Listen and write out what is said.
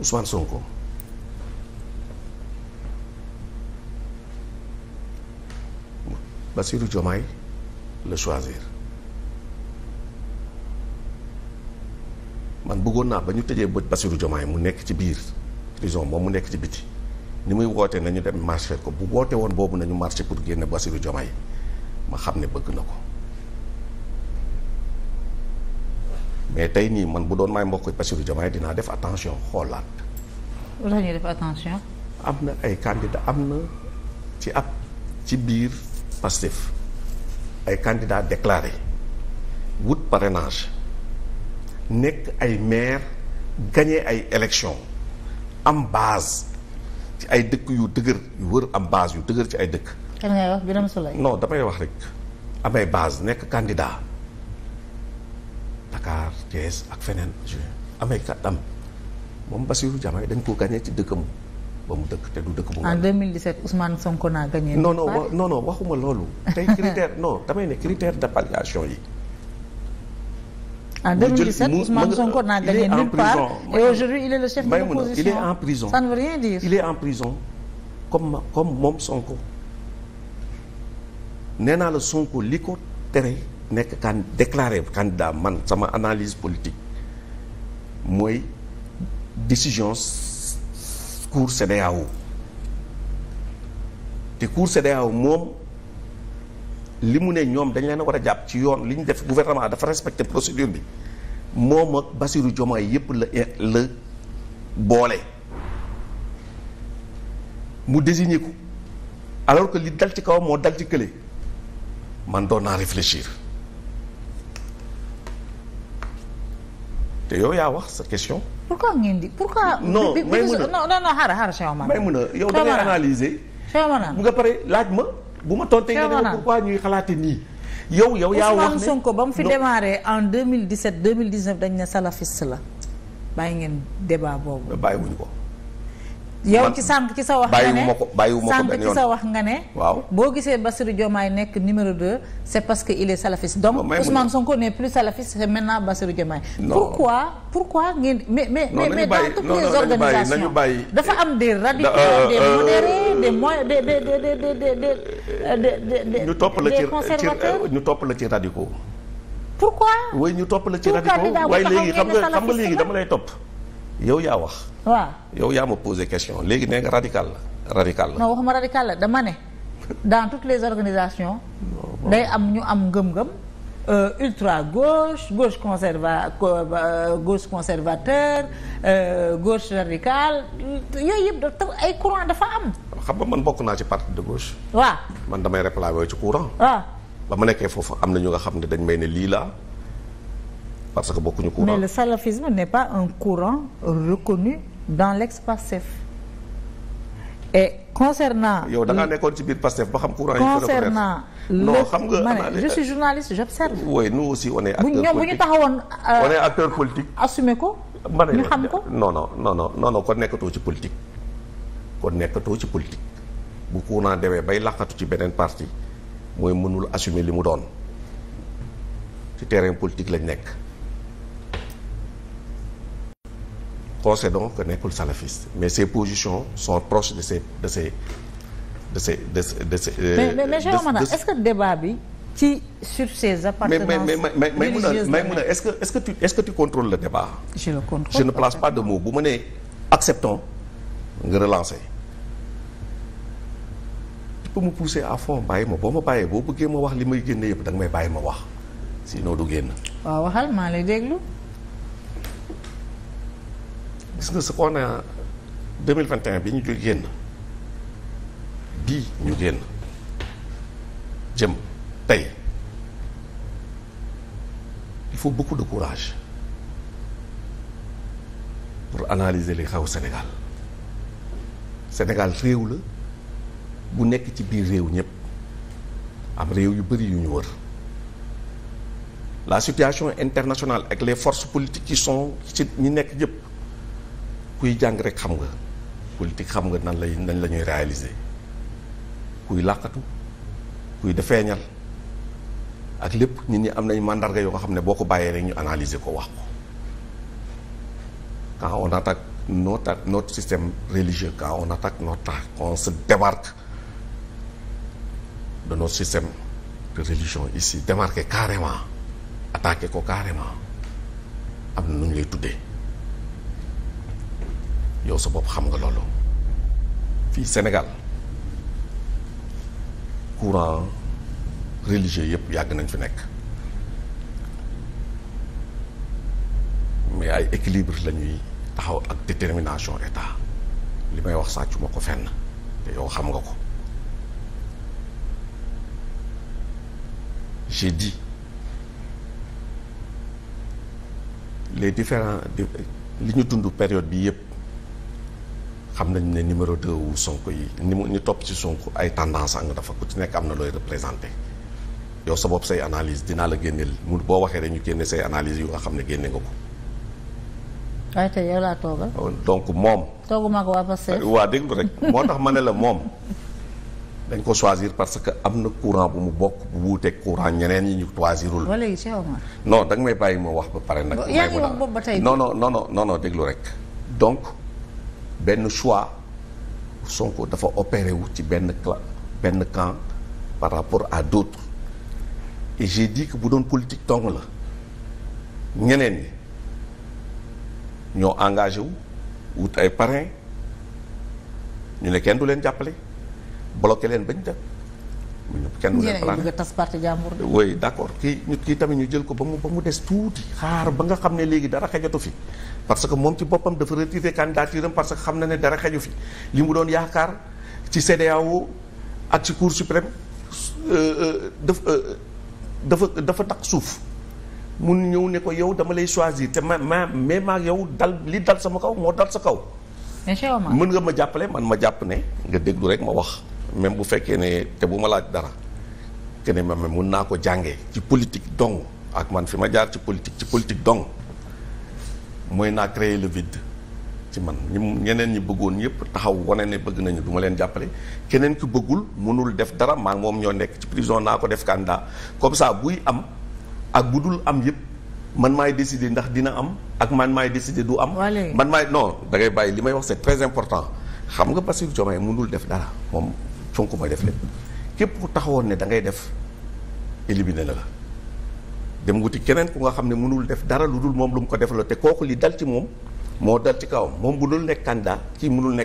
Ousmane Sonko Bassirou Diomaye la choisir man bëggoon naa ba ñu tëjee bët Bassirou Diomaye mu nekk ci biir prison moom mu nekk ci biti ni muy woote nañu dem marché ko bu woote woon boobu nañu marché pour génn Bassirou Diomaye ma xam ne bëgg na ko mais tey nii man bu doon may mbokk Bassirou Diomaye dinaa def attention xoolaat. wala ñuy def attention. am na ay candidat am na ci ab ci biir Pastef ay candidat déclaré wut parrainage nekk ay maire gagné ay élection am base ci ay dëkk yu dëgër yu wër am base yu tëgër ci ay dëkk. kan ngay wax non damay wax rek amay base nekk candidat. Dakar Thiès ak feneen amee kàttan moom Bassirou Diomaye dañ ko gagné ci dëkkam ba mu dëkk te du dëkk bu en 2017 Sonko naa gagné non non non non waxuma critère non damay yi en 2017 Ousmane Sonko n'a gagné nulle part et aujourd'hui il est le chef de ne veut il est en prison comme comme moom Sonko nee naa la Sonko li ko tere nekk kan déclaré candidat man sama analyse politique mooy décision cour CEDEAO te cour CEDEAO moom li mu ne ñoom dañ leen war a jàpp ci yoon li ñu def gouvernement dafa respecté procédure bi moom ak Bassirou Diomaye yépp la boole mu désigné ko alors que li dal ci kawam moo dal ci kële man doon naa réfléchir te yow yaa wax sa question. pourquoi ngeen di pourquoi. non may mën a non non non xaaral xaaral Cheikh Oumar may mën a yow da ngay analyser. Cheikh Oumar bu nga pare laaj ma. bu ma tontee nga ne pourquoi ñuy xalaate nii. yow yow yaa wax ne Ousmane Sonko ba mu fi démarré en mille 2017 2019 dañ ne salafiste la bàyyi ngeen débat boobu. bàyyiwuñ ko. yow ci sànq ci sa wax nga ne bàyyiwuma ko bàyyiwuma ko benn yoon sànq ci sa wax nga ne. waaw boo gisee Bassirou Diomaye nekk numéro 2 c' est parce que il est salafiste donc Ousmane Sonko n'est plus salafiste c' est maintenant Bassirou Diomaye. pourquoi pourquoi ngeen. mais mais mais dans toutes les organisations dafa am des radicaux euh, des euh, modérés des moy des des des des des. ñu topp la ci euh, ñu topp la ci radicaux. pourquoi. waaye ñu topp la ci radicaux waaye léegi xam nga xam nga léegi dama lay topp. yow yaa wax. waaw yow yaa ma posé question léegi nee nga radical la radical la. non ma radical la dama ne dans toutes les organisations. day am ñu am ngëm-ngëm. Euh, ultra gauche gauche conserva euh, gauche conservateur euh, gauche radicale yooyu yëpp dafa ay courant dafa am. xam nga man bokk naa ci parti de gauche. waaw man damay réclamé ci courant. waaw ba ma nekkee foofu am na ñu nga xam ne dañ may ne lii laa. parce que bokkuñu courant. mais le salafisme n'est pas un courant reconnu dans l'ex-Pastef et concernant. yow da nekkoon ci biir Pastef ba xam courant yi. concernant non xam nga je suis journaliste j'observe. oui nous ñu taxawoon. on est acteur politique. Euh, assumer ko. ñu xam ko non non non kon nekkatoo ci politique. kon nekkatoo ci politique bu courant demee bay laqatu ci beneen parti mooy mënul assumer li mu doon ci terrain politique lañ nekk. concédons que nekkul salafiste mais ses positions sont proches de ses de ses de ses de ses de ses. Euh, mais mais mais Cheikh Oumar est-ce que débat bi ci sur ses appartenances mais mais mais mais Maïmouna est-ce que est-ce que tu est-ce que tu contrôles le débat. je le contrôle je ne place pas de mots bu ma nee acceptons nga relancer. tu peux me pousser à fond bàyyi ma boo ma bàyyee boo bëggee ma wax li may génne yëpp da nga may bàyyi ma wax sinon du génn. waaw waxal maa lay déglu. gis nga ce qu'on a 2021 bi ñu jul génn bii ñu génn jëm tey il faut beaucoup de courage pour analyser li xaw Sénégal Sénégal réew la bu nekk ci biir réew ñëpp am réew yu bëri yu ñu wër la situation internationale ak les force politiques ci sont ci ñu nekk yëpp kuy jàng rek xam nga politique xam nga nan lay nan la ñuy réaliser kuy làqatu kuy defeeñal ak lépp nit ñi am nañ màndarga yoo xam ne boo ko bàyyee rek ñu analyser ko wax ko quand on attaque notre notre système religieux quand on attaque notre on se démarque de notre système de religion ici démarqué carrément attaqué ko carrément am na nu ñu lay tuddee yow sa bopp xam nga loolu fii Sénégal courant religieux yëpp yàgg nañ fi nekk mais ay équilibre lañuy taxaw ak détermination état li may wax sàccu ma ko fenn te yow xam nga ko j'ai dit les différents li ñu dund période bi yëpp xam nañ ne numéro 2 wu Sonko yi ni mu ñu topp si Sonko ay tendance nga dafa ku ci nekk am na looy représenté yow sa bopp say analise dinaa la génneel mu boo waxee dañu génne say analyse yu nga xam ne génne nga ko. waaye tey yow laa toogal. Oh, donc moom. tooguma ko waa Pastef. waa déglu rek moo tax ma ne la moom dañ ko choisir parce que am na courant bu mu bokk bu wuuteeg courant ñeneen yi ñu choisirul. wala yi non da nga may bàyyi ma wax ba pare nag. yaa ngi wax ba tey non non non non déglu rek donc. benn choix Sonko dafa opéré wu ci benn clan benn camp par rapport à d'autres et j'ai dit bu doon politique tong la ñeneen ñi ñoo engagé wu wut ay parrain ñu ne kenn du leen jàppale bloqué leen bañ dem kenn du leen plan a tas parti jàmbur oui d' kii nit tamit ñu jël ko ba mu ba mu des tuuti xaar ba nga xam ne léegi dara xejatu fi parce que moom ci boppam dafa retiré candidature am parce que xam na ne dara xeju fi li mu doon yaakaar ci CEDEAO ak ci cour suprême euh, euh, daf euh, dafa dafa tax suuf mun ñëw ne ko yow dama lay choisir te ma ma mais maa yow dal li dal sama kaw moo dal sa kaw mën nga ma jàppale man ma jàpp ne nga déglu rek ma wax même bu fekkee ne te bu ma laaj dara keneen ne man mun naa ko jàngee ci politique dong ak man fi ma jaar ci politique ci politique dong mooy naa créer le ci man ñu ñeneen ñi bëggoon yëpp taxaw wane ne bëgg nañu du ma leen jàppale keneen ki bëggul mënul def dara maa moom ñoo nekk ci prison naa ko def candidat comme ça buy am ak bu dul am yëpp man maay décider ndax dina am ak man maay décider du am man maay non da ngay bàyyi li may wax c'est très important xam nga Bassirou Diomaye mënul def dara moom Sonko mooy def lépp képp ku taxawoon ne da ngay def éliminé na la dem wuti keneen ku nga xam ne mënul def dara lu dul moom lu mu ko def te kooku li dal ci moom moo dal ci kawam moom bu dul nekk candidat kii mënul nekk